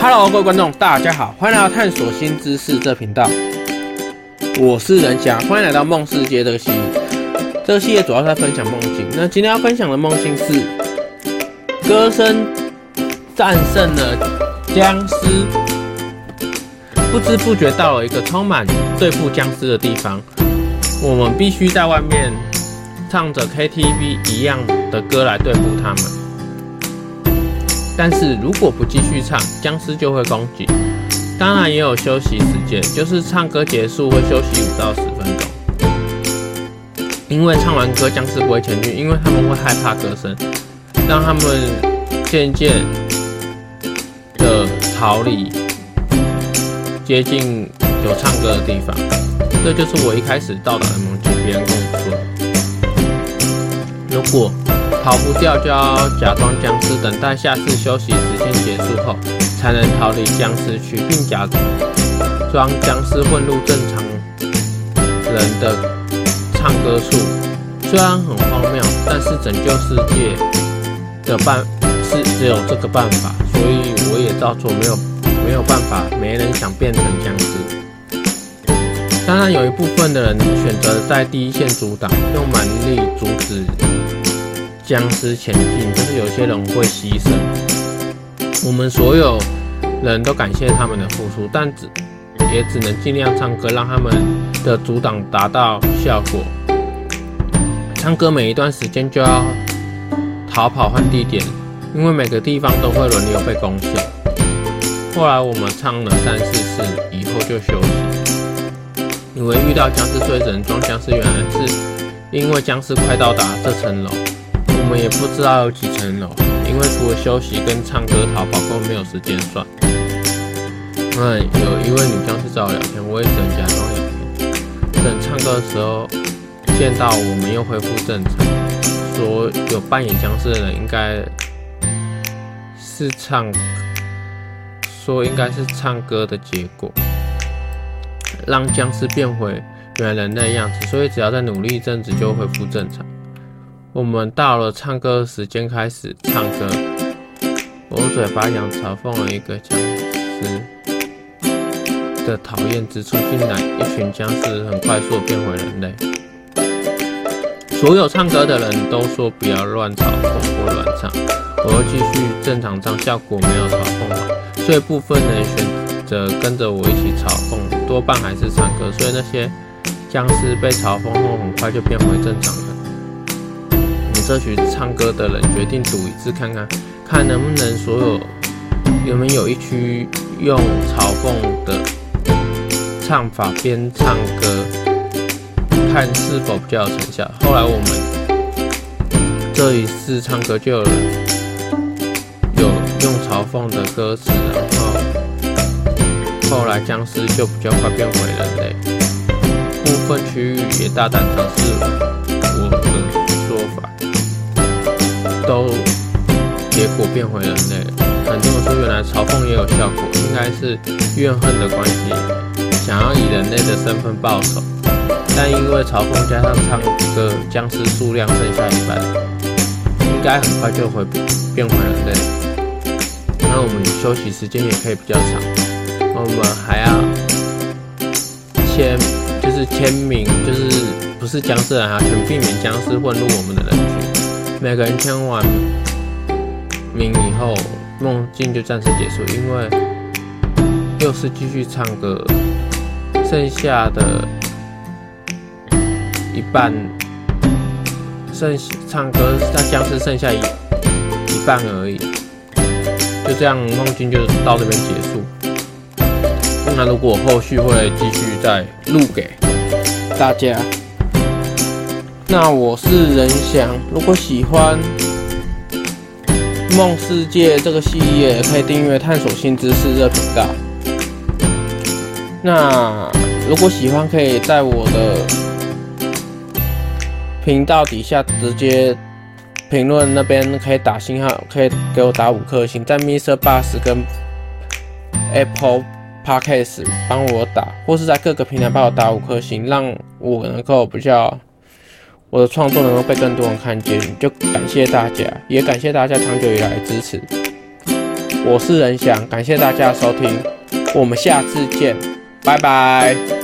哈嘍，Hello, 各位觀眾，大家好，歡迎來到探索新知識這頻道。我是仁翔，歡迎來到夢世界這個系列。這個系列主要是在分享夢境。那今天要分享的夢境是，歌聲戰勝了殭屍。不知不覺到了一個充滿對付殭屍的地方，我們必須在外面唱着 KTV 一樣的歌來對付他們。但是如果不繼續唱，殭屍就會攻擊。當然也有休息時間，就是唱歌結束會休息五到十分鐘。因為唱完歌殭屍不會前進，因為他們會害怕歌聲，讓他們漸漸的逃離接近有唱歌的地方。這就是我一開始到達的夢境邊的過不過逃不掉，就要假裝殭屍，等待下次休息時間結束後，才能逃離殭屍區，並假裝殭屍混入正常人的唱歌處。雖然很荒謬，但是拯救世界的辦是只有這個辦法，所以我也照做，沒有沒有辦法，沒人想變成殭屍。當然，有一部分的人選擇在第一線阻擋，用蠻力阻止。殭屍前進，就是有些人會犧牲。我們所有人都感謝他們的付出，但只也只能盡量唱歌，讓他們的阻擋達到效果。唱歌每一段時間就要逃跑換地點，因為每個地方都會輪流被攻陷。後來我們唱了三四次以後就休息，以為遇到殭屍所以只能裝殭屍，原來是因為殭屍快到達這層樓。我們也不知道有幾層樓，因為除了休息跟唱歌、逃跑根本沒有時間算。嗯，有，一位女殭屍找我聊天，我也只能假裝聊天。等唱歌的時候見到我們又恢復正常，說有扮演殭屍的人應該是唱，說應該是唱歌的結果，讓殭屍變回原來人的樣子。所以只要再努力一陣子就會恢復正常。我們到了唱歌時間，開始唱歌。我用嘴巴想嘲諷了一個僵屍的討厭之處進來，一群僵屍很快速變回人類。所有唱歌的人都說不要亂嘲諷或亂唱，我要繼續正常唱，效果沒有嘲諷了。所以部分人選擇跟着我一起嘲諷，多半還是唱歌，所以那些僵屍被嘲諷後很快就變回正常。歌曲唱歌的人決定賭一次看看，看能不能所有，有沒有，有一區用嘲諷的唱法邊唱歌，看是否比較有成效。後來我們這一次唱歌就有了有用，用嘲諷的歌詞，然後後來僵屍就比較快變回人類，部分區域也大膽嘗試了。都結果變回人類。反正這麼說，原來嘲諷也有效果，應該是怨恨的關係，想要以人類的身份報仇。但因為嘲諷加上唱歌，僵屍數量剩下一半，應該很快就會變回人類。那我們休息時間也可以比較長。我們還要簽，就是簽名，就是不是僵屍人啊，全避免僵屍混入我們的人群。每個人簽完名以後夢境就暫時結束，因為又是繼續唱歌，剩下的一半剩，剩唱歌那將是剩下一一半而已。就這樣，夢境就到這邊結束。那如果我後續會繼續再錄給大家。那我是仁翔，如果喜歡《夢世界》這個系列，可以訂閱《探索新知識》的頻道。那如果喜歡，可以在我的頻道底下直接評論，那邊可以打星號，可以給我打五顆星，在 MixerBox 跟 Apple Podcast 幫我打，或是在各個平台幫我打五顆星，讓我能夠比較。我的創作能夠被更多人看見，就感謝大家，也感謝大家長久以來的支持。我是任翔，感謝大家收聽，我們下次見，拜拜。